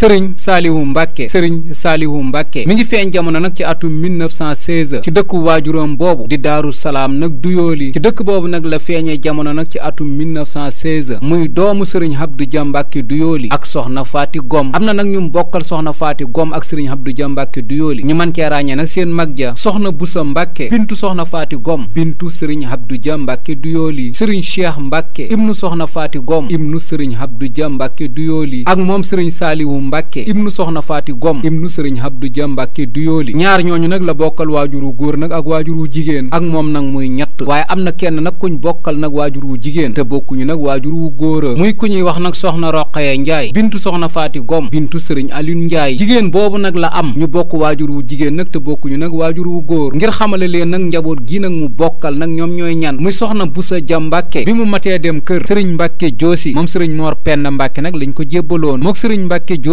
sëriñ saalihu mbàkke sëriñ saalihu mbàkke mi ngi feeñ jamono nag ci atum 1916 ci dëkku waajuram boobu di daaru salaam nag duyooli ci dëkk boobu nag la feeñee jamono nag ci atum 1916 muy doomu sëriñ Abdou Dia Mbàkke duyooli ak soxna faati gom am na nag ñu bokkal soxna faati gom ak sëriñ Abdou Dia Mbàkke duyooli ñu mën cee ràññee nag seen mag ja soxna busa mbàkke bintu soxna faati gom bintu sëriñ Abdou Dia Mbàkke duyooli sëriñ cheikh mbàkke ibnu soxna faati gom ibnu sëriñ Abdou Dia Mbàkke duyooli ak moom Mbacke ibnu soxna faati gom ibnu sëriñ Abdou Dia Mbacke Duyooli ñaar ñooñu nag la bokkal waajuru góor nag ak waajuru jigéen ak moom nag muy ñett waaye am na kenn nag kuñ bokkal nag waajuru jigéen te bokkuñu nag waajuru góor muy ku ñuy wax nag soxna Roqaya Njaay bintu soxna faati gom bintu sëriñ Alioune Njaay jigéen boobu nag la am ñu bokk wu jigéen nag te bokkuñu nag waajuru góor ngir xamale leen nag njaboot gi nag mu bokkal nag ñoom ñooy ñan muy soxna Busa Ja Mbacke bi mu matee dem kër sëriñ Mbacke Joosi moom sëriñ Mor Penn Mbacke nag lañ ko jébaloon mook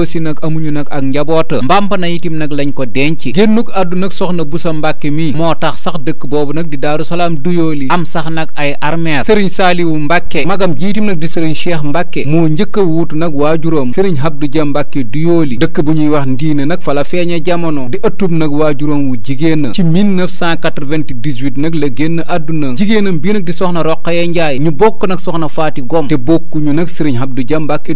si nag amuñu nag ak njaboota mbàmp na itim nag lañ ko denc génnuk àdduna soxna sa mbakke mi moo tax sax dëkk boobu nag di daaru salaam duyooli am sax nag ay armeer sëriñ saaliwu mbakke magam jiitim nag di sëriñ cheikh mbakke moo njëkk a wuutu nag waajuróom sëriñ Abdu Ja mbàkke duyooli dëkk bu ñuy wax ndiine nag fala feeñe jamono di ëttub nag waajuróom wu jigéen ci 1998 nag la génn àdduna jigéenam bii nag di soxna Roqaya Njaay ñu bokk nag soxna Faati Gom te bokkuñu nag sëriñ Abdu Ja mbàkke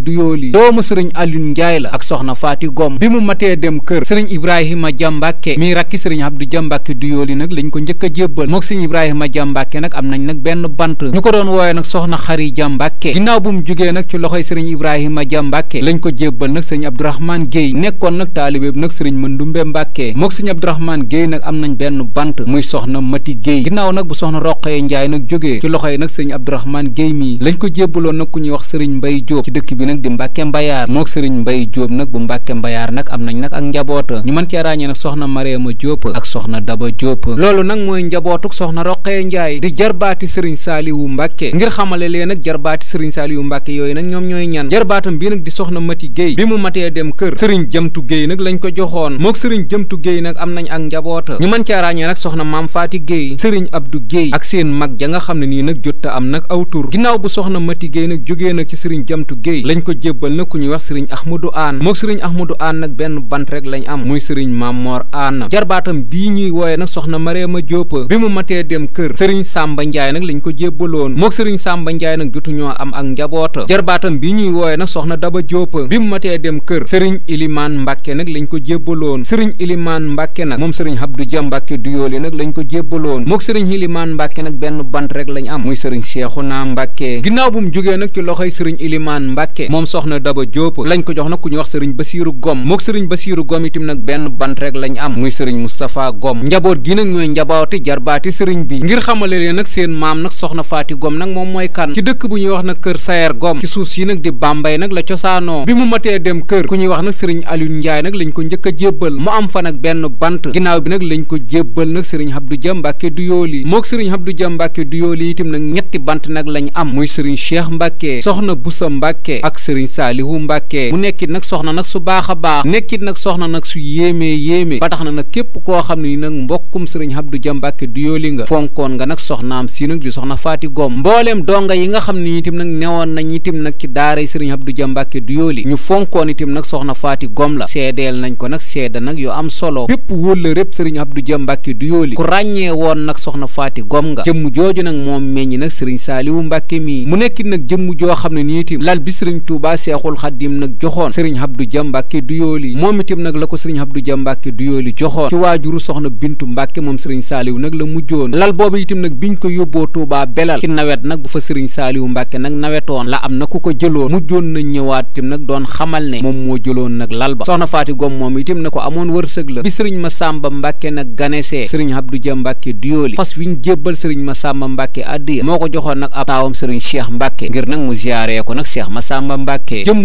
soxna faati gom bi mu matee dem kër sëriñ ibrahima jàmbàkke mi rakki sëriñ abdu jàmbàkke du yooli nag lañ ko njëkk a jébbal mook sëriñ ibrahima jàmbàkke nag am nañ nag benn bant ñu ko doon wooye nag soxna xari jàmbàkke ginnaaw bu mu jugee nag ci loxoy sëriñ ibrahima jàmbàkke lañ ko jébbal nag sëriñ abdourahman géey nekkoon nag taalibe bi nag sëriñ mëndumbe mbàkke mook sëriñ abdourahman géey nag am nañ benn bant muy soxna mati géey ginnaaw nag bu soxna roqee njaay nag jógee ci yi nag sëriñ abdourahman géey mii lañ ko jébbaloon nag ku ñuy wax sëriñ mbay jóob ci dëkk bi nag di mbàkke mbayaar mook sëriñ mbay jóob nag bu Mbàkke Mbayaar nag am nañ nag ak njaboota ñu mën cee ràññee nag soxna Mariama Jóob ak soxna Daba Jóob loolu nag mooy njabootuk soxna Roqee Njaay di jarbaati Sëriñ Saaliwu Mbàkke ngir xamale leen nag jarbaati Sëriñ Saaliwu Mbàkke yooyu nag ñoom ñooy ñan jarbaatam bii nag di soxna Mati Géey bi mu matee dem kër Sëriñ Jëmtu Géey nag lañ ko joxoon mook Sëriñ Jëmtu Géey nag am nañ ak njaboota ñu mën cee ràññee nag soxna Maam Faati Géey Sëriñ Abdu Géey ak seen mag ja nga xam ne nii nag jot am nag aw tur ginnaaw bu soxna Mati Géey nag jógee nag ci Sëriñ Jëmtu Géey lañ ko jébbal nag ku ñuy wax Sëriñ Ahmadu Aan mook sëriñ ahmadou ann nag benn bant rek lañ am muy sëriñ mammoor ann jarbaatam bii ñuy wooye nag soxna mareema jóopa bi mu matee dem kër sëriñ sàmba njaay nag lañ ko jébbaloon mook sëriñ sàmba njaay nag jotuñoo am ak njaboota jarbaatam bii ñuy wooye nag soxna daba jóopa bi mu matee dem kër sëriñ ilimaan mbàkke nag lañ ko jébbaloon sëriñ ilimaan mbàkke nag moom sëriñ habdu ja mbàkke duyooli nag lañ ko jébbaloon mook sëriñ ilimaan mbàkke nag benn bant rek lañ am muy sëriñ naa mbàkke ginnaaw bu mu jógee nag ci loxoy sëriñ ilimaan mbàkke moom soxna daba jóopa lañ ko jox nag ku ñu wax sëriñ Basiiru Gom mook sëriñ Basiiru Gom itam nag benn bant rek lañ am muy sëriñ Moustapha Gom njaboot gi nag ñooy njabooti jarbaati sëriñ bi ngir xamale leen nag seen maam nag soxna Faati Gom nag moom mooy kan ci dëkk bu ñuy wax na kër Sayer Gom ci suuf si nag di Bambey nag la cosaanoo bi mu matee dem kër ku ñuy wax nag sëriñ Aliou Ndiaye nag lañ ko njëkk jébbal mu am fa nag benn bant ginnaaw bi nag lañ ko jébbal nag sëriñ Abdou Dia Mbàkke Duyooli mook sëriñ Abdou Dia Mbàkke Duyooli itam nag ñetti bant nag lañ am muy sëriñ Cheikh Mbàkke soxna Busa Mbàkke ak sëriñ Saalihu Mbàkke mu nekkit nag soxna nag su baax a baax nekkit nag soxna nag su yéemee yéemee ba tax na nag képp koo xam ne nag mbokkum sëriñ Abdou Dia Mbàkke Doyoly nga fonkoon nga nag soxnaam si nag di soxna Faati Gom mbooleem donga yi nga xam ne itam nag newoon nañ itam nag ci daaray sëriñ Abdou Dia Mbàkke Doyoly ñu fonkoon itam nag soxna Faati Gom la seedeel nañ ko nag seeda nag yu am solo bépp wólla répp sëriñ Abdou Dia Mbàkke Doyoly ku ràññee woon nag soxna Faati Gom nga jëmm jooju nag moom meññi nag sëriñ Saaliwu Mbàkke mii mu nekkit nag jëmm joo xam ne nii itam lal bi sëriñ Tuubaa Seexul Xadiim nag joxoon sëriñ sëriñ Abdou Dia Mbacke Douyoly moom itam nag la ko sëriñ Abdou Dia Mbacke Douyoly joxoon ci waajuru soxna Bintu Mbacke moom sëriñ Saaliw nag la mujjoon lal boobu itam nag biñ ko yóbboo Touba belal ci nawet nag bu fa sëriñ Saaliw Mbacke nag nawetoon la am na ku ko jëloon mujjoon na ñëwaat itam nag doon xamal ne moom moo jëloon nag lal ba soxna Faati Gom moom itam na ko amoon wërsëg la bi sëriñ Masamba Mbacke nag ganesee sëriñ Abdou Dia Mbacke Douyoly fas wiñ jébbal sëriñ Masamba Mbacke addiya moo ko joxoon nag ab taawam sëriñ Cheikh Mbacke ngir nag mu ziyaaree ko nag Cheikh Masamba Mbacke jëmm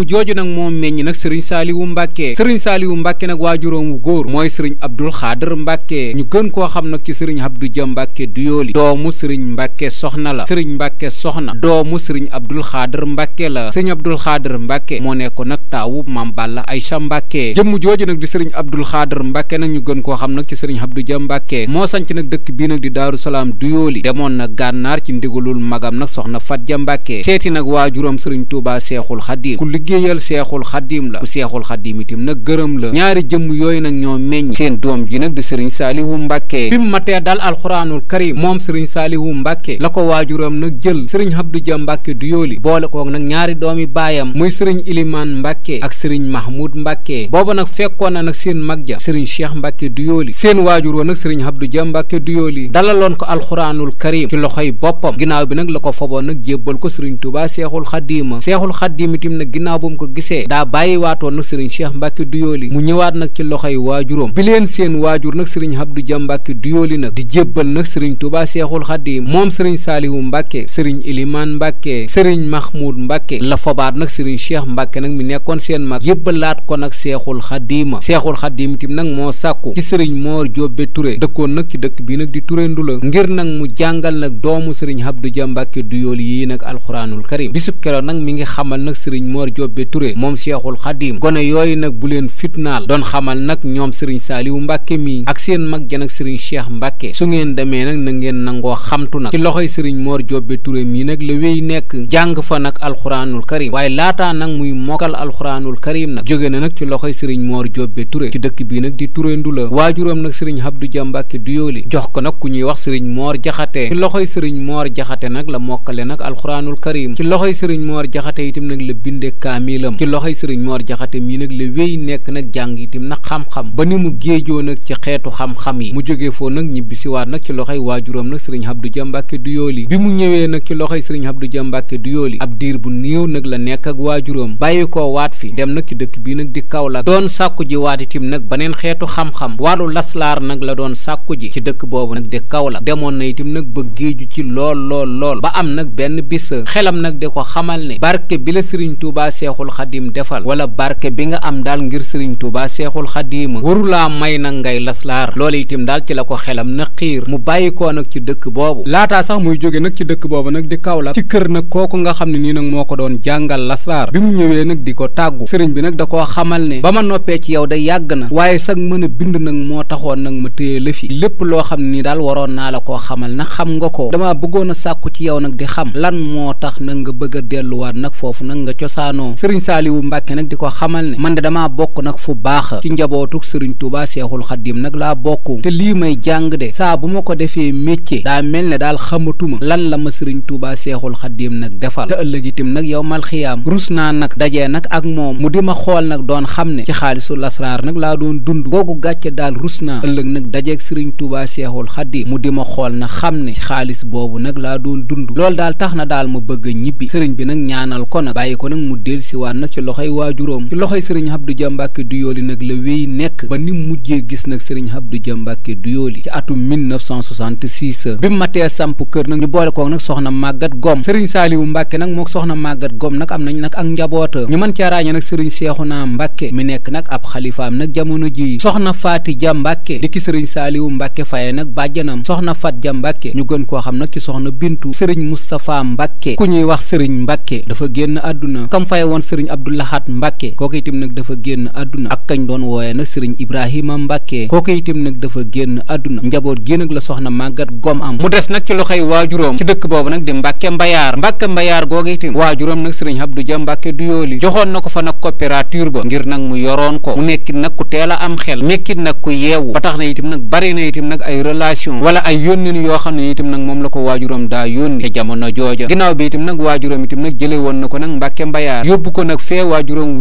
sëriñ saaliwu mbàkke sëriñ saaliwu mbàkke nag waajuróom wu góor mooy sëriñ abdul xaadar mbàkke ñu gën koo xam nag ci sëriñ abdu ja mbàkke duyooli doomu sëriñ mbàkke soxna la sëriñ mbàkke soxna doomu sëriñ abdul xaadar mbàkke la sëriñ abdul xaadar mbàkke moo nekkoon nag taawu maam balla aysa mbàkke jëmm jooju nag di sëriñ abdul xaadar mbàkke nag ñu gën koo xam nag ci sëriñ abdu ja mbàkke moo sanc nag dëkk bii nag di daaru salaam duyooli demoon na gànnaar ci ndigalul magam nag soxna fat ja mbàkke seeti nag waajuróom sëriñ tuuba seexul xadim ku liggéeyal seexul xadim la ku seexul xaddim itam nag gërëm la ñaari jëmm yooyu nag ñoo meññ seen doom ji nag di sëriñ saalihu mbàkke bi mu matee dal alxuraanul karim moom sëriñ saalihu mbàkke la ko waajuram nag jël sëriñ Abdou Dia mbàkke du yooli boole koog nag ñaari doomi baayam muy sëriñ ilimaan mbàkke ak sëriñ mahmoud mbàkke booba nag fekkoon na nag seen mag ja sëriñ cheikh mbàkke du yooli seen waajur wa sëriñ Abdou Dia mbàkke du yooli dalaloon ko alxuraanul karim ci loxoy boppam bi nag la ko foboon nag jébbal sëriñ xaddiima seexul ñëwaatoon nag sëriñ Cheikh Mbacke Douyoly mu ñëwaat nag ci loxoy waajuram bi leen seen waajur nag sëriñ Abdou Dia Mbacke Douyoly nag di jébbal nag sëriñ Touba Cheikhoul Khadim moom sëriñ Salihu Mbacke sëriñ Ilimaan Mbacke sëriñ Mahmoud Mbacke la fobaat nag sëriñ Cheikh Mbacke nak mi nekkoon seen mag yébbalaat ko nag Cheikhoul Khadim Cheikhoul Khadim itam nag moo sàkku ci sëriñ Mor Diobé Touré dëkkoon nag ci dëkk bi nag di Touré Ndula ngir nag mu jàngal nag doomu sëriñ Abdou Dia Mbacke yi nag alxuraanul karim bisub keroog nag mi ngi xamal nag sëriñ Mor Diobé Touré moom Cheikhoul Khadim xadim gone yooyu nag bu leen fitnaal doon xamal nag ñoom sëriñ saaliwu mbàkke mii ak seen mag ja nag sëriñ cheikh mbàkke su ngeen demee nag na ngeen nangoo xamtu nag ci loxoy sëriñ moor jobbe turé mii nag la wéy nekk jàng fa nag alxuraanul karim waaye laataa nag muy mokkal alxuraanul karim nag jóge na nag ci loxoy sëriñ moor jobbe turé ci dëkk bii nag di turé ndu la waajuram nag sëriñ abdu ja mbàkke duyooli jox ko nag ku ñuy wax sëriñ moor jaxate ci loxoy sëriñ moor jaxate nag la mokkale nag alxuraanul karim ci loxoy sëriñ moor jaxate itam nag la binde kaamilam ci loxoy sëriñ moor jaxate mii nag la wéy nekk nag jàng itam nag xam-xam ba ni mu géejoo nag ci xeetu xam-xam yi mu jógee foo nag waat nag ci loxoy waajuram nag sëriñ Abdou Dia Mbacke Douyoly bi mu ñëwee nag ci loxoy sëriñ Abdou Dia Mbacke Douyoly ab diir bu néew nag la nekk ak waajuram bàyyi koo waat fi dem nag ci dëkk bii nag di Kaolack doon sàkku ji waat itam nag baneen xeetu xam-xam wàllu laslaar nag la doon sàkku ji ci dëkk boobu nag di Kaolack demoon na itam nag ba géeju ci lool lool lool ba am nag benn bis xelam nag di ko xamal ne barke wala barke bi nga am daal ngir sëriñ Touba seexul xadiima warulaa may nag ngay laslaar loolu itim daal ci la ko xelam na xiir mu bàyyi koo nag ci dëkk boobu laataa sax muy jóge nag ci dëkk boobu nag di Kaolack ci kër nak kooku nga xam ne nii nag moo ko doon jàngal laslaar bi mu ñëwee nag di ko tàggu sëriñ bi nag da koo xamal ne ba ma noppee ci yow da yàgg na waaye sag mën a bind nag moo taxoon nag ma téye la fi lépp loo xam ne nii daal waroon naa la koo xamal na xam nga ko dama bëggoon a sàkku ci yow nag di xam lan moo tax nag bëgg a delluwaat nag foofu nag di ko xamal ne man de damaa bokk nag fu baax ci njabootug sëriñ Tuubaa seexul xaddim nag laa bokk te lii may jàng de saa bu ma ko defee métier daa mel ne daal xamatuma lan la ma sëriñ Tuubaa seexul xaddim nag defal te ëllëg itam nag yow mal xiyaam rus naa nag dajee nag ak moom mu di ma xool nag doon xam ne ci xaalisu lasraar nag laa doon dund googu gàccee daal rus naa ëllëg nag dajeeg sëriñ Tuubaa seexul xaddim mu di ma xool nag xam ne xaalis boobu nag laa doon dund loolu daal tax juróom ci loxoy sëriñ Abdou Dia Mbacke Douyoly nag la wéy nekk ba ni mujjee gis nag sëriñ Abdou Dia Mbacke Douyoly ci atum 1966 bi matee samp kër nag ñu boole koog nag soxna màggat gom sëriñ Saaliwu Mbacke nag mook soxna màggat gom nag am nañ nag ak njaboota ñu mën caa ràññee nag sëriñ Seexuna Mbacke mi nekk nag ab xalifaam nag jamono ji soxna Faati Ja Mbacke di ki sëriñ Saaliwu Mbacke faye nag bàjjanam soxna Fat Ja Mbacke ñu gën koo xam nag ci soxna Bintu sëriñ Moustapha Mbacke ku ñuy wax sëriñ Mbacke dafa génn àdduna kam faye woon sëriñ Abdoulahat Mbacke Mbacke kooku itam nag dafa génn àdduna ak kañ doon wooye nag sëriñ Ibrahima Mbacke kooku itam nag dafa génn àdduna njaboot gi nag la soxna màggat gom am mu des nag ci loxoy waajuróom ci dëkk boobu nag di Mbacke Mbayaar Mbacke Mbayaar googu itam waajuróom nag sëriñ Abdou Dia Mbacke du yooli joxoon na ko fa nag coopérative ba ngir nag mu yoroon ko mu nekkit nag ku teel am xel nekkit nag ku yeewu ba tax na itam nag bari na itam nag ay relation wala ay yónnin yoo xam ne itam nag moom la ko waajuróom daa yónni te jamono jooja ginnaaw bi itam nag waajuróom itam nag jële woon na ko nag Mbacke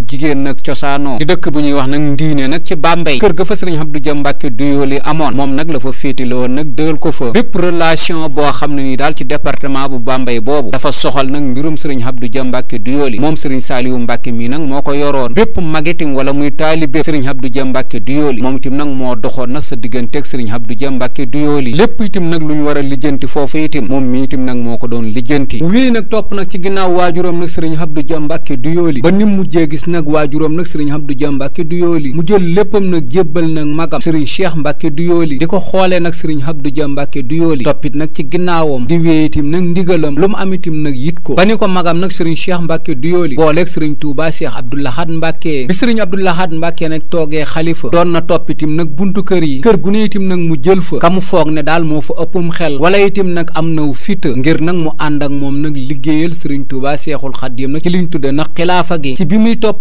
jigéen nag cosaanoo di dëkk bu ñuy wax nag ndiine nag ci Bambey kër ga fa sëriñ Abdou Dia Mbacke Doyoly amoon moom nag la fa féetale woon nag dëgal ko fa bépp relation boo xam ne nii daal ci département bu Bambey boobu dafa soxal nag mbirum xab du Abdou Dia Mbacke Doyoly moom sëriñ Saliou Mbacke mii nag moo ko yoroon bépp magitim wala muy taalibe sëriñ Abdou Dia Mbacke Doyoly moom itam nag moo doxoon nag sa digganteeg sëriñ Abdou du Mbacke Doyoly lépp itam nag lu ñu war a lijjanti foofu itam moom mii itam nag moo ko doon lijjanti wii nag topp nag ci ginnaaw waajuram nag sëriñ Abdou Dia Mbacke Doyoly ba nim nag waajuram nag sëriñ Abdou Dia Mbàkke Duyooli mu jël léppam nag jébbal nag magam sëriñ Cheikh Mbàkke Duyooli di ko xoolee nag sëriñ Abdou Dia Mbàkke Duyooli toppit nag ci ginnaawam di wéeyitim nag ndigalam lu mu amitim nag yit ko ba ni ko magam nag sëriñ Cheikh Mbàkke Duyooli booleeg sëriñ Touba Cheikh Abdou Lahad Mbàkke bi sëriñ Abdou Lahad Mbàkke nag toogee xalifa doon na toppitim nag buntu kër yi kër gu ne itim nag mu jël fa kamu foog ne daal moo fa ëppum xel wala itim nag am naw fita ngir nag mu ànd ak moom nag liggéeyal sëriñ Touba Seexul Xadiim nag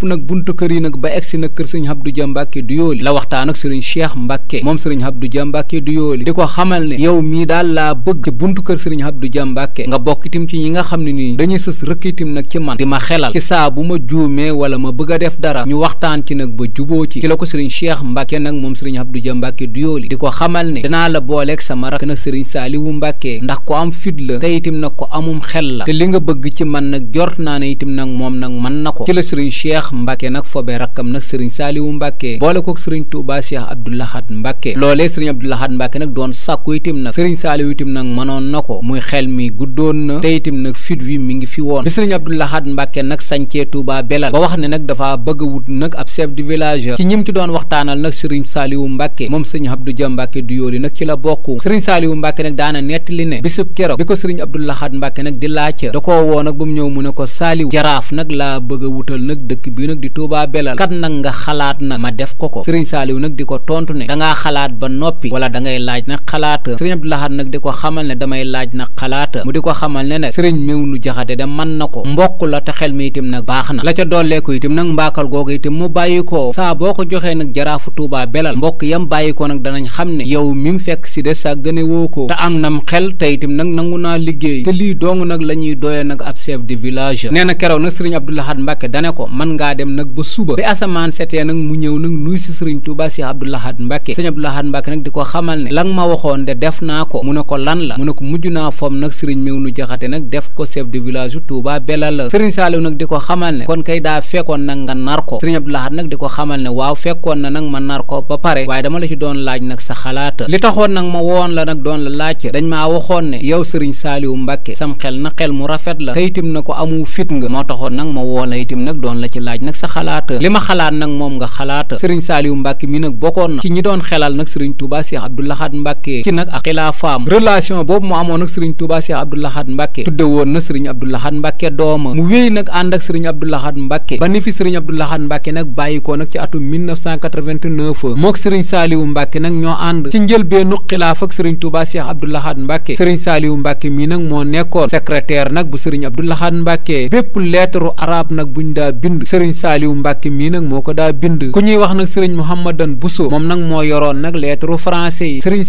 topp nag buntu kër yi nag ba egsi nag kër sëriñ Abdou Dia Mbacke Douyoly la waxtaan ak sëriñ Cheikh Mbacke moom sëriñ Abdou Dia Mbacke Douyoly di ko xamal ne yow mii daal laa bëgg buntu kër sëriñ Abdou Dia Mbacke nga bokk itam ci ñi nga xam ne nii dañuy sës rëkk nag ci man di ma xelal saa bu ma juumee wala ma bëgg a def dara ñu waxtaan ci nag ba juboo ci la ko sëriñ Cheikh Mbacke nag moom sëriñ Abdou Dia Mbacke Douyoly di ko xamal ne dinaa la booleek sama rak nag sëriñ Saliou Mbacke ndax ko am fit la te itam nag ko amum xel la te li nga bëgg ci man nag jort naa ne itam nag moom nag man na ko ci la sëriñ Cheikh Cheikh Mbacke nag fobe rakkam nag sëriñ Saaliwu Mbacke boole kook sëriñ Touba Cheikh Abdou Lahad Mbacke loolee sëriñ Abdou Lahad Mbacke nag doon sàkku itam nag sëriñ Saaliwu itam nag mënoon na ko muy xel mi guddoon na te itam nag fit wi ngi fi woon bi sëriñ Abdou Lahad Mbacke nag sancee Touba belal ba wax ne nag dafa bëgg a wut nag ab chef de village ci ñim ci doon waxtaanal nag sëriñ Saaliwu Mbacke moom sëriñ Abdou Dia Mbacke du yooli nag ci la bokk sëriñ Saaliwu Mbacke nag daana nettali ne bisub keroog bi ko sëriñ Abdou Lahad Mbacke nag di laaj da koo woo nag mu ñëw mu ne ko Saaliwu jaraaf nag laa bëgg a bii nag di Touba Belal kat nag nga xalaat nag ma def ko ko Serigne Saliou nag di ko tontu ne dangaa xalaat ba noppi wala da ngay laaj nag xalaata Serigne Abdou Lahad nag di ko xamal ne damay laaj nag xalaata mu di ko xamal ne nag Serigne Mewnu Jaxate da man na ko mbokk la te xel mi itam nag baax na la ca dollee ko itam nag mbaakal googu itam mu bàyyi ko saa boo ko joxee nag jaraafu Touba Belal mbokk yam bàyyi ko nag danañ xam ne yow mi mu fekk si de sa gëne woo ko te am xel te itam nag nangu naa liggéey te lii nag la ñuy dooyee nag ab chef de village nee na keroog nag Serigne Abdou Lahad Mbacké ngaa dem nag ba suba bi asamaan setee nag mu ñëw nag nuy si sëriñ Touba Cheikh Abdou Lahad Mbacké sëriñ Abdou Lahad Mbacké nag di ko xamal ne la nga ma def ko mu la mu ne ko mujj naa fom nag sëriñ méw nu jaxate nag def ko chef de village yu Touba belal la sëriñ Saliou nag di ko xamal ne kon kay daa fekkoon nag nga nar ko sëriñ Abdou Lahad nag na nag ma nar ko ba pare waaye dama la ci doon laaj nag sa xalaata li taxoon nag ma woon la nag la laaj dañ maa waxoon ne yow sëriñ Saliou Mbacké sam xel na xel mu rafet la te itam na ko amu fit nga moo taxoon nag ma woon la itam nag doon la ci laaj laaj nag sa xalaat li ma xalaat nag moom nga xalaat sëriñ Saaliwu Mbàkke mi nag bokkoon na ci ñi doon xelal nag sëriñ Touba Cheikh Abdou Lahad Mbàkke ci nag a xilaafaam relation boobu mu amoon nag sëriñ Touba Cheikh Abdou Mbàkke na sëriñ Abdou Lahad Mbàkke dooma mu wéy nag ànd ak sëriñ Abdou Mbàkke ba ni fi sëriñ Abdou Lahad Mbàkke nag bàyyi ko nag ci atum 1989 mook sëriñ Saaliwu Mbàkke nag ñoo ànd ci njëlbeenu xilaaf ak sëriñ Touba Cheikh Abdou Mbàkke sëriñ Saaliwu mi nag moo nekkoon secrétaire nag bu sëriñ Abdou Lahad Mbàkke bépp sëriñ saaliwu mbàkke mii nag moo ko daa bind ku ñuy wax nag sëriñ mouhamadan buso moom nag moo yoroon nag lettre français yi sëriñ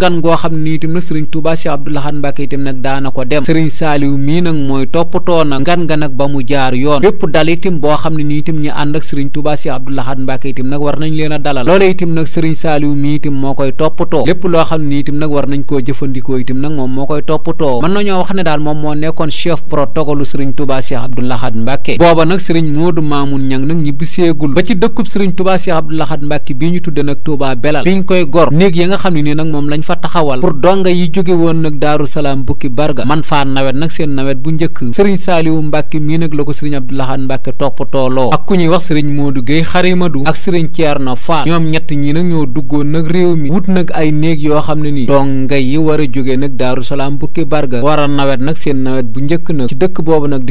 ngan goo xam ne itam nag sëriñ tuuba cheikh abdou lahad mbàkke ko dem sëriñ saaliwu mii nag mooy toppatoo nag ngan nga nag ba mu jaar yoon bépp dal itam boo xam ne nii itam ñu ànd ak sëriñ tuuba cheikh abdou lahad mbàkke itam nag war nañ leen a dalal loolee itam nag sëriñ saaliwu mii itam moo koy toppatoo lépp loo xam ne nii itam nag war nañ koo jëfandikoo itam nag moom moo koy toppatoo mën nañoo wax ne daal moom moo nekkoon chef protocole sëriñ tuuba cheikh Abdou Lahad Mbacke booba nag sëriñ Modou Mamoun Niang nag ñi biseegul ba ci dëkkub sëriñ Touba Cheikh Abdou Lahad Mbacke bii ñu tudde nag Touba Belal biñ koy gor néeg ya nga xam ne nii nag moom lañ fa taxawal pour donga yi jóge woon nag Daaru Salaam bukki barga man faa nawet nag seen nawet bu njëkk sëriñ Saaliwu Mbacke mii nag la ko sëriñ Abdou Lahad Mbacke toppatooloo ak ku ñuy wax sëriñ Modou Guèye Xarimadu ak sëriñ na Fall ñoom ñett ñi nag ñoo duggoon nag réew mi wut nag ay néeg yoo xam ne nii donga yi war a jóge nag Daaru Salaam bukki barga war nawet nag seen nawet bu njëkk nag dëkk boobu nag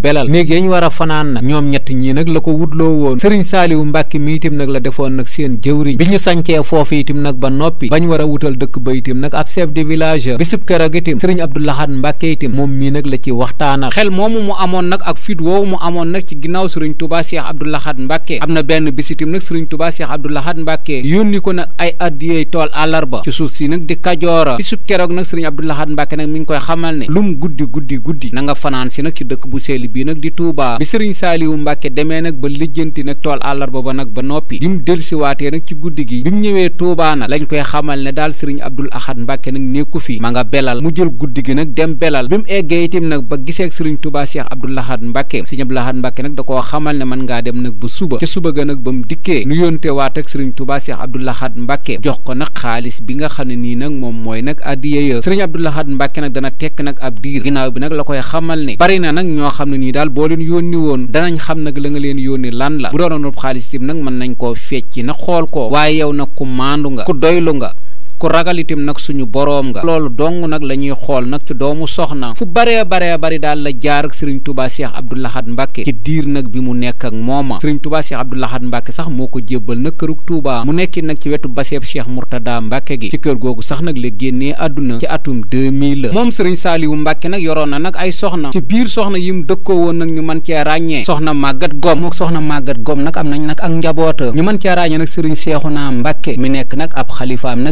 belal néeg yañ war a fanaan nag ñoom ñett ñii nag la ko wutloo woon sëriñ saaliwu mbàkke mi itam nag la defoon nag seen jëwriñ bi ñu sancee foofu itam nag ba noppi bañ war a wutal dëkk ba itam nag ab chef de village bisub keroog itam sëriñ abdoulahat mbàkke itam moom mii nag la ci waxtaanal xel moomu mu amoon nag ak fit woowu mu amoon nag ci ginnaaw sëriñ tubaa seex abdoulahat mbàkke am na benn bis itam nag sëriñ tubaa seex abdoulahat mbàkke yónni ko nag ay tool àllarba ci suuf si nag di kajoora bisub keroog na nga fanaan si nag ci dëkk bii nag di Touba bi Serigne Saliou Mbacke demee nag ba lijjanti nag tool àllarba ba nag ba noppi bi mu delsiwaatee nag ci guddi gi bi mu ñëwee Touba nag lañ koy xamal ne daal Serigne Abdoul Ahad Mbacke nag nekku fi ma nga belal mu jël guddi gi nag dem belal bi mu eggee itam nag ba gisee ak Serigne Touba Cheikh Abdoul Ahad Mbacke Serigne Abdoul Ahad nag da koo xamal ne man ngaa dem nag ba suba ca suba ga nag ba mu dikkee nu yónte waate ak Serigne Touba Cheikh Abdoul Ahad jox ko nag xaalis bi nga xam ne nii nag moom mooy nag addiye ya Serigne Abdoul Ahad Mbacke nag dana tekk nag ab diir ginnaaw nag la koy xam nii daal boo leen yónni woon danañ xam nag la nga leen yónni lan la bu doonoon xaalis tim nag mën nañ koo fecc na xool ko waaye yow na ku maandu nga ku doylu nga ku ragal itam nag suñu boroom nga loolu dong nag la ñuy xool nag ci doomu soxna fu baree baree bari daal la jaar ak sëriñ tubaa seex abdul ahad mbàkke ci diir nag bi mu nekk ak moom sëriñ tubaa seex abdul ahad mbàkke sax moo ko jébbal nag kërug tuubaa mu nekki nag ci wetu baseeb seex murtada mbàkke gi ci kër googu sax nag la génnee àdduna ci atum 2000 la moom sëriñ saaliwu mbàkke nag yoroon na nag ay soxna ci biir soxna yi mu dëkkoo woon nag ñu mën cee ràññee soxna màggat gom mook soxna màggat gom nag am nañ nag ak njaboota ñu mën cee ràññee nag sëriñ seexu naa mbàkke mi nekk nag ab xalifaam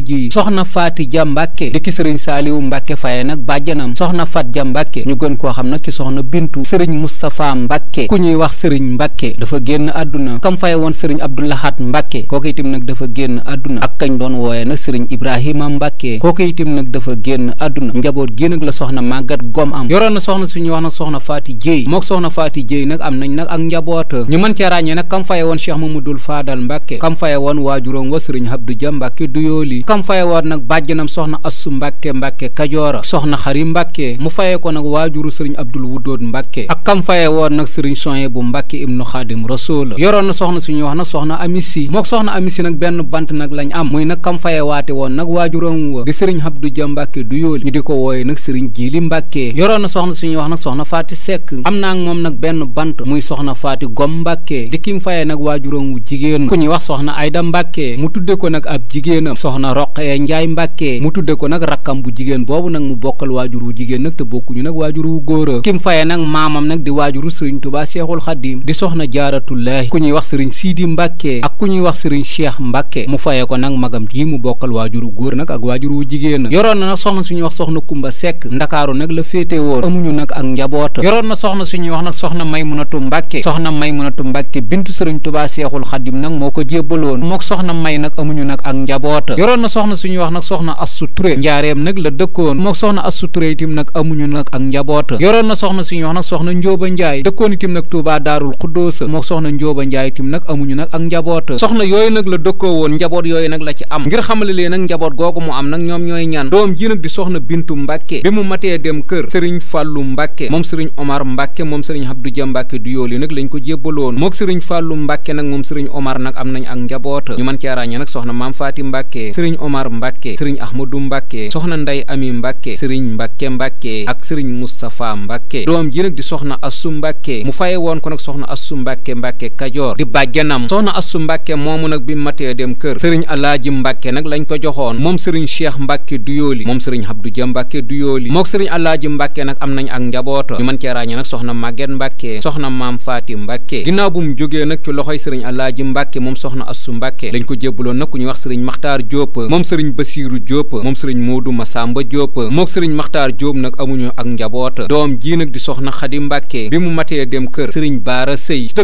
jamono ji soxna faati ja mbàkke di ki sëriñ saaliwu mbàkke faye nag bàjjanam soxna fat ja mbàkke ñu gën koo xam nag ci soxna bintu sëriñ moustapha mbàkke ku ñuy wax sëriñ mbàkke dafa génn àdduna kam faye woon sëriñ abdoulahat mbàkke kooku itam nag dafa génn àdduna ak kañ doon wooye nag sëriñ ibrahima mbàkke kooku itam nag dafa génn àdduna njaboot gi nag la soxna màggat gom na soxna suñuy wax nag soxna faati jéy mook soxna faati jéy nag am nañ nag ak njaboota ñu mën cee ràññee nag kam faye woon cheikh mamadul faadal mbàkke kam faye woon waajuróom wa sëriñ abdou ja duyooli kam faye woon nag bàjjanam soxna assu mbàkke mbàkke kajoora soxna xari mbàkke mu faye ko nag waajuru sëriñ abdul wuddood mbàkke ak kam faye woon nag sëriñ soye bu mbàkke ibnu xaadim rasul yoroon na soxna suñu wax nag soxna amisi mook soxna amisi nag benn bant nag lañ am muy nag kam faye waate woon nag waajuram wa di sëriñ abdu ja mbàkke du yooli ñu di ko wooye nag sëriñ jiili mbàkke yoroon na soxna suñu wax nag soxna faati sekk am naa moom nag benn bant muy soxna faati gom mbàkke di kim faye nag waajuram wu jigéen ku ñuy wax soxna ayda mbàkke mu tudde ko nag ab jigéenam soxna roqee njaay mbàkke mu tudde ko nag rakkam bu jigéen boobu nag mu bokkal waajur wu jigéen nag te bokkuñu nag waajur wu góora kim faye nag maamam nag di waajuru sëriñ tubaa seexul xadim di soxna jaaratullaahi ku ñuy wax sëriñ siidi mbàkke ak ku ñuy wax sëriñ cheikh mbàkke mu faye ko nag magam ji mu bokkal waajuru góor nag ak waajur wu jigéen yoroon na nag soxna suñuy wax soxna kumba sekk ndakaaru nag la féete woon amuñu nag ak njaboot yoroon na soxna suñuy wax nag soxna maymunatu mbàkke soxna maymunatu mbàkke bintu sëriñ tubaa seexul xadim nag moo ko jébbaloon mook soxna may nag amuñu nag ak njaboot yoroon na soxna suñuy wax nag soxna Astou Touré njaareem nag la dëkkoon moo soxna Astou Touré itam nag amuñu nag ak njaboot yoroon na soxna suñuy wax nag soxna Njóoba Njaay dëkkoon itam nag Tuubaa Daarul Xuddoos moo soxna Njóoba Njaay itam nag amuñu nag ak soxna yooyu nag la dëkkoo woon njaboot yooyu nag la ci am ngir xamale leen nag njaboot googu mu am nag ñoom ñooy ñan doom ji nag di soxna Bintu Mbàkke bi mu matee dem kër sëriñ Fàllu Mbàkke moom sëriñ Omar Mbàkke moom sëriñ Abdou Ja Mbàkke du yooli nag lañ ko jébbaloon mook sëriñ Fàllu Mbàkke nag moom sëriñ Omar nag am nañ ak njaboot ñu mën cee ràññee nag soxna Maam Faati Mbàkke sëriñ sëriñ omar mbàkke sëriñ ahmadu mbàkke soxna nday ami mbàkke sëriñ mbàkke mbàkke ak sëriñ mustapha mbàkke doom ji nag di soxna assu mbàkke mu faye woon ko nag soxna assu mbàkke mbàkke kajoor di bàjjanam soxna assu mbàkke moomu nag bi matee dem kër sëriñ alaaji mbàkke nag lañ ko joxoon moom sëriñ cheikh mbàkke duyooli moom sëriñ abdu ja mbàkke duyooli mook sëriñ alaaji mbàkke nag am nañ ak njabooto ñu mën cee ràññee nag soxna maget mbàkke soxna maam faati mbàkke ginnaaw bu mu jógee nag ci loxoy sëriñ alaaji mbàkke moom soxna assu mbàkke lañ ko jébbaloon nag ku ñu Diop moom sëriñ Basiiru Diop moom sëriñ Moodu Masamba Diop mook sëriñ Maxtaar Diop nag amuñu ak njaboot doom ji nag di soxna Xadi Mbàkke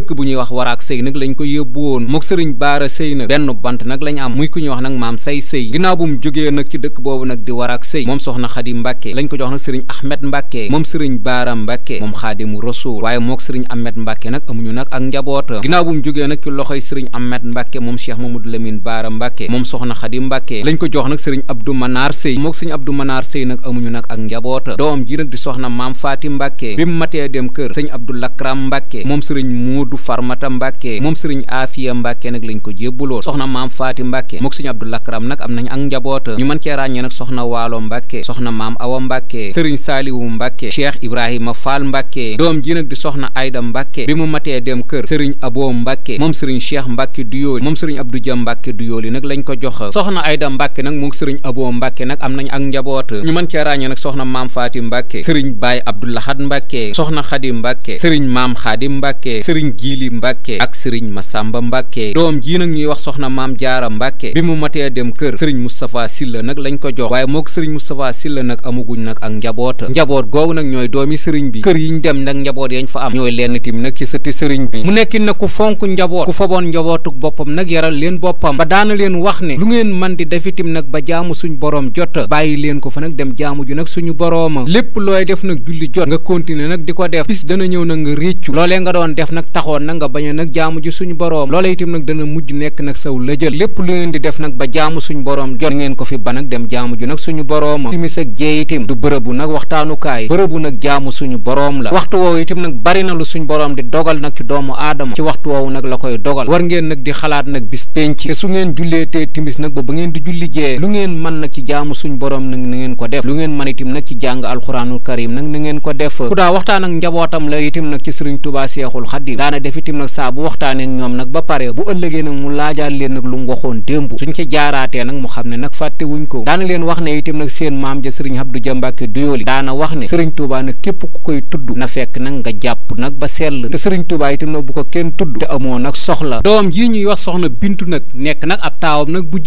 bi bu ñuy wax waraak sëy nag lañ ko yóbbu woon mook sëriñ Baara Sëy nag benn bant nag lañ am muy ku ñuy wax nag maam say sëy ginnaaw bu mu jógee nag ci dëkk boobu nag di waraak sëy moom soxna Xadi Mbàkke lañ ko jox nag sëriñ Ahmed Mbàkke moom sëriñ Baara Mbàkke moom Xaadimu Rasuul waaye mook sëriñ Ahmed Mbàkke nag amuñu nag ak njaboot ginnaaw bu mu jógee nag ci loxoy sëriñ Ahmed Mbàkke moom Cheikh Mamadou Lamine Baara Mbàkke moom soxna Xadi Mbàkke Mbàkke lañ ko jox nag sëriñ Abdou Manar Sëy mook sëriñ Abdou Manar Sëy nag amuñu nag ak njaboota doom ji nag di soxna maam Faati Mbàkke bi mu matee dem kër sëriñ Abdou Lakram Mbàkke moom sëriñ Muudu Farmata Mbàkke moom sëriñ Aafiya Mbàkke nag lañ ko jébbaloon soxna maam Faati Mbàkke mook sëriñ Abdou Lakram nag am nañ ak njaboota ñu mën cee ràññee nag soxna Waalo Mbàkke soxna maam Awa Mbàkke sëriñ Saaliwu Mbàkke Cheikh Ibrahima Faal Mbàkke doom ji nag di soxna Ayda Mbàkke bi mu matee dem kër sëriñ Aboo Mbàkke moom sëriñ Cheikh Mbàkke Duyooli moom sëriñ Abdou Dia Mbàkke Duyooli nag lañ ko jox Ayda Mbàkke nag moom sëriñ Abo Mbàkke nag am nañ ak njaboot ñu mën cee ràññee nag soxna maam Faati Mbàkke sëriñ Baay Abdul Ahad Mbàkke soxna Xadi Mbàkke sëriñ maam Xaadim Mbàkke sëriñ Jiili Mbàkke ak sëriñ Masamba Mbàkke doom jii nag ñuy wax soxna maam Jaara Mbàkke bi mu matee dem kër sëriñ Moustapha Silla nag lañ ko jox waaye moo ko sëriñ Moustapha Silla nag amuguñ nag ak njaboot njaboot googu nag ñooy doomi sëriñ bi kër yiñ dem nag njaboot yañ fa am ñooy lenn tim nag ci sëti bi mu mënti def itam nag ba jaamu suñu boroom jot bàyyi leen ko fa nag dem jaamu ji nag suñu borooma lépp looy def nag julli jot nga continuer nag di ko def bis dana ñëw nag nga réccu loolee nga doon def nag taxoon na nga bañ nag jaamu ji suñu boroom loolee itam nag dana mujj nekk nag saw lëjël lépp lu ngeen di def nag ba jaamu suñu boroom jot ngeen ko fi ba nag dem jaamu ji nag suñu borooma timis ak jee du bërëbu nag waxtaanukaay bërëbu nag jaamu suñu boroom la waxtu woowu itam nag bari na lu suñu boroom di dogal nag doomu aadama ci waxtu woowu nag la koy dogal war ngeen nag di xalaat nag bis penc te su ngeen di julli jee lu ngeen mën nag ci jaamu suñ borom nag na ngeen ko def lu ngeen mën itam nag ci jàng alxuraanul karim nag na ngeen ko def ku daa waxtaan ak njabootam la itam nag ci sëriñ Tuubaa Seexul Xadiim daana def itam nag ba pare bu ëllëgee mu laajaal leen nag lu mu waxoon démb suñ ci jaaraatee nag xam ne nag fàtte wuñ ko daana leen wax ne itam nag seen maam ja sëriñ Abdu Ja Mbàkke Duyooli daana wax ne sëriñ Tuubaa nag képp ku koy tudd na fekk nag nga jàpp nag ba sell te sëriñ Tuubaa itam nag bu ko kenn tudd te amoo nag soxla doom yi ñuy wax soxna Bintu nag nekk nag ab taawam nag bu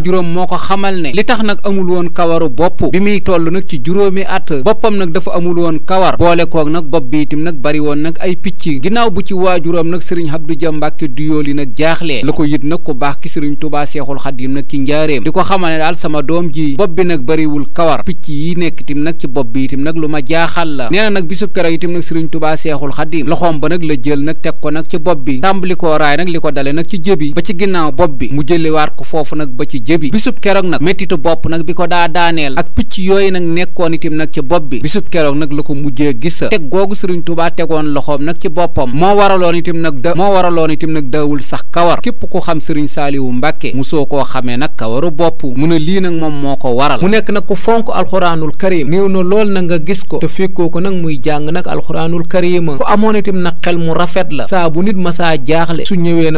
waajuram moo ko xamal ne li tax nag amul woon kawaru bopp bi muy toll nag ci juróomi at boppam nag dafa amul woon kawar boole kook nag bopp bi itam nag bari woon nag ay picc ginnaaw bu ci waajuram nag sëriñ Abdou Dia Mbàkke Duyooli nag jaaxlee la ko yit nag ko baax ki sëriñ Tubaa Seexul Xadiim nag ci njaareem di ko xamal ne daal sama doom ji bopp bi nag bariwul kawar picc yi nekk itam nag ci bopp bi itam nag lu ma jaaxal la nee na nag bisub keroog itam nag sëriñ Tubaa Seexul Xadiim loxoom ba nag la jël nag teg ko nag ci bopp bi tàmbali ko dale nag ci jëbi ba jëbi bisub keroog nag méttitu bopp nag bi ko daa daaneel ak picc yooyu nag nekkoon itim nag ci bopp bi bisub keroog nag la ko mujjee gis teg googu sëriñ Tuubaa tegoon loxoom nag ci boppam moo waraloon itim nag da moo waraloon itim nag daawul sax kawar képp ku xam sëriñ Saaliwu Mbàkke musoo koo xamee nag kawaru bopp mu ne lii nag moom moo ko waral mu nekk nag ku fonk alxuraanul karim néew na lool na nga gis ko te fekkoo ko nag muy jàng nag alxuraanul karima ku amoon itim nag xel mu rafet la saa bu nit masaa jaaxle su ñëwee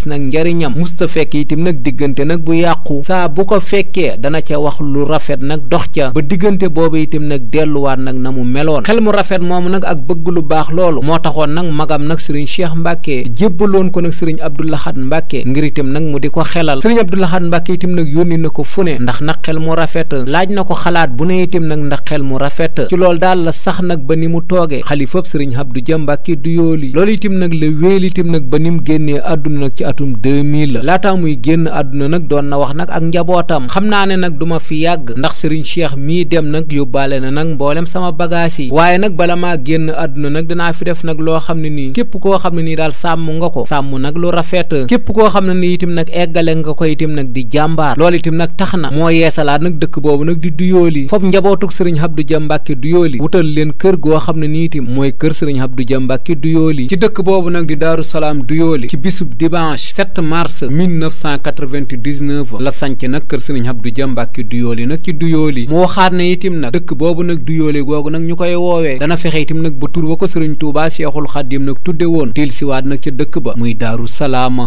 gis nag njariñam musta fekk itam nag diggante nag bu yàqu saa bu ko fekkee dana ca wax lu rafet nag dox ca ba diggante boobu itam nag delluwaat nag na mu meloon xel mu rafet moomu nag ak bëgg lu baax loolu moo taxoon nag magam nag sëriñ Cheikh Mbacke jébbaloon ko nag sëriñ Abdou Lahad Mbacke ngir itam nag mu di ko xelal sëriñ Abdou Lahad Mbacke itam nag yónni na ko fu ne ndax nag xel mu rafet laaj na ko xalaat bu na itam nag ndax xel mu rafet loolu daal sax nag ba ni mu toogee xalifab sëriñ ci atum 2000 laataa muy génn àdduna nag doon na wax nag ak njabootam xam naa ne nag duma fi yàgg ndax Serigne Cheikh mii dem nag yóbbaale na nag mboolem sama bagages yi waaye nag bala maa génn àdduna nag dinaa fi def nag loo xam ne nii képp koo xam ne nii daal sàmm nga ko sàmm nag lu rafet képp koo xam ne nii itam nag eggale nga ko itam nag di jàmbaar loolu itam nag tax na moo yeesalaat nag dëkk boobu nag di duyooli foofu njabootug Serigne Abdou Dia Mbacke duyooli wutal leen kër goo xam ne nii itam mooy kër Serigne Abdou Dia Mbacke dimanche 7 mars 1999 la sanc nag kër sëriñ Abdou Dia Mbàkke Duyooli nag ci Duyooli moo xaar ne itim nag dëkk boobu nag Duyooli googu nag ñu koy woowee dana fexe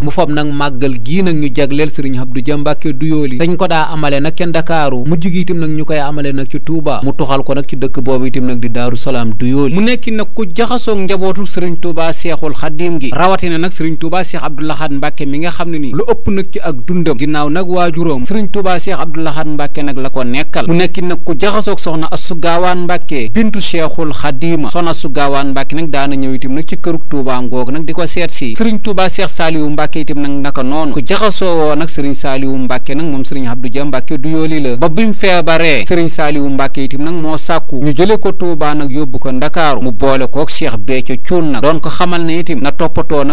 mu fob nag màggal gii nag ñu jagleel sëriñ Abdou Dia Mbàkke Duyooli dañ ko daa amale nag ca Ndakaaru mujj gi itim nag ñu koy amale nag ci Tuubaa mu tuxal ko nag ci dëkk boobu itim nag di Daaru Salaam mu nekk nag ku jaxasoog njabootu sëriñ Tuubaa Seexul Xaddim gi rawatina nag sëriñ Tuubaa Seex Abdou Lahad Mbacke mi nga xam ne nii lu ëpp nag ci ak dundam ginnaaw nag waajuróom sëriñ Touba Cheikh Abdoul Ahad Mbacke nag la ko nekkal mu nekki nag ku jaxasoog soxna Astou Gawane Mbacke bintu Cheikhul Khadima soxna Astou Gawane Mbacke nag daana ñëw itam nag ci këruk Toubaam googu nag di ko seet si sëriñ Touba Cheikh Saliou Mbacke itam nag naka noonu ku jaxasoo woo nag sëriñ Saliou moom sëriñ Abdou Dia Mbacke du yooli ba bi mu feebaree sëriñ Saliou Mbacke itam nag moo sàkku ñu jële ko Touba nag yóbbu ko Ndakaaru mu boole koog Cheikh Béthio Thioune nag doon ko xamal na toppatoo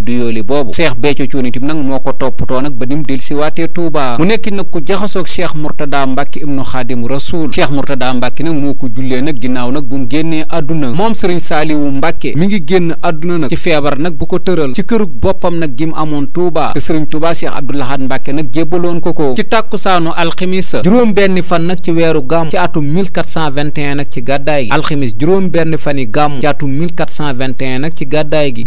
fi du yooli boobu Cheikh Béthio Thioune nag moo ko toppatoo nag ba nim delsiwaatee Touba mu nekk nag ku jaxasoog Cheikh Mourtada Mbacke ibnu Xaadim Rasoul Cheikh Mourtada Mbacke nag moo ko jullee nag ginnaaw nag bu mu génnee àdduna moom Serigne Saliou Mbacke mi ngi génn àdduna nag ci feebar nag bu ko tëral ci kërug boppam nag gi mu amoon Touba te Serigne Touba Cheikh Abdoul Ahad Mbacke nag jébbaloon ko ko ci tàkkusaanu alximisa juróom benn fan nag ci weeru gàmm ci atum 1421 nag ci gàddaay gi alximis juróom benn fan yi gàmm ci atum 1421 nag ci gàddaay gi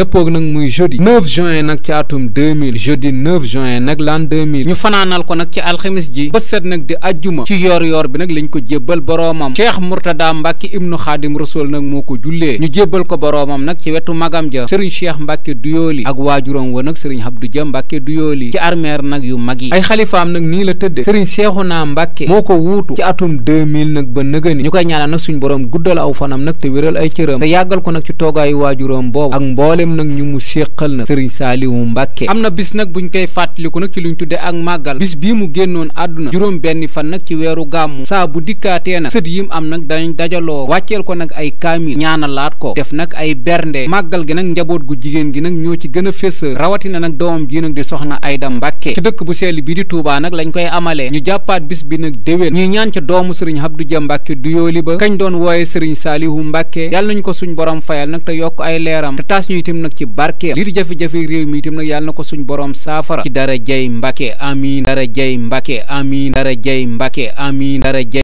9 juin nag ci atum 2000 jeudi 9 juin nag l'an 2000 ñu fanaanal ko nag ci alxamis ji bët set nag di ajjuma ci yoor yoor bi nag lañ ko jébbal boroomam cheikh murtada mbàkke ibnu xaadim rasul nag moo ko jullee ñu jébbal ko boroomam nag ci wetu magam ja sëriñ cheikh mbàkke duyooli ak waajuram wa nag sëriñ Abdou ja mbàkke duyooli ci armeer nag yu mag yi ay xalifaam nag nii la tëdde sëriñ seexuna mbàkke moo ko wuutu ci atum 2000 nag ba nëgëni ñu koy ñaanal nag suñu boroom guddal aw fanam nag te wéral ko nag ci toogaayu waajuram boobu ak mboolem nag ñu mu sëriñ saaliwu am na bis nag ñu koy fàttaliku nag ci ñu tudde ak màggal bis bii mu génnoon àdduna juróom benni fan nag ci weeru gàmmu saa bu dikkaatee nag sët yim am nag danañ dajaloo wàcceel ko nag ay kaamil ñaanalaat ko def nag ay bernde màggal gi nag njaboot gu jigéen gi nag ñoo ci gën a fés rawatina nag doomam ji nag di soxna Ayda Mbàkke ci dëkk bu sell bii di Tuubaa nag lañ koy amale ñu jàppaat bis bi nag déwén ñuy ñaan ca doomu sëriñ Abdu Ja Mbàkke du yooli ba kañ doon wooye sëriñ saalihu mbàkke yàlla nañ ko suñ borom fayal nag te jafe-jafe réew mi itam nag yàlla na ko suñ boroom saafara ci dara jay mbake amiin dara jay mbake amiin dara jay mbake amiin dara jay